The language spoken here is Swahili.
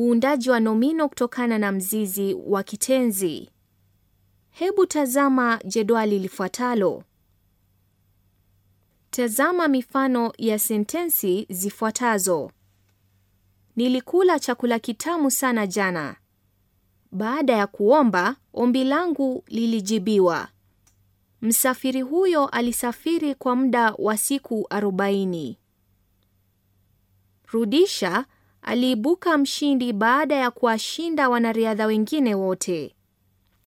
uundaji wa nomino kutokana na mzizi wa kitenzi. Hebu tazama jedwali lifuatalo. Tazama mifano ya sentensi zifuatazo. Nilikula chakula kitamu sana jana. Baada ya kuomba, ombi langu lilijibiwa. Msafiri huyo alisafiri kwa muda wa siku arobaini. Rudisha aliibuka mshindi baada ya kuwashinda wanariadha wengine wote.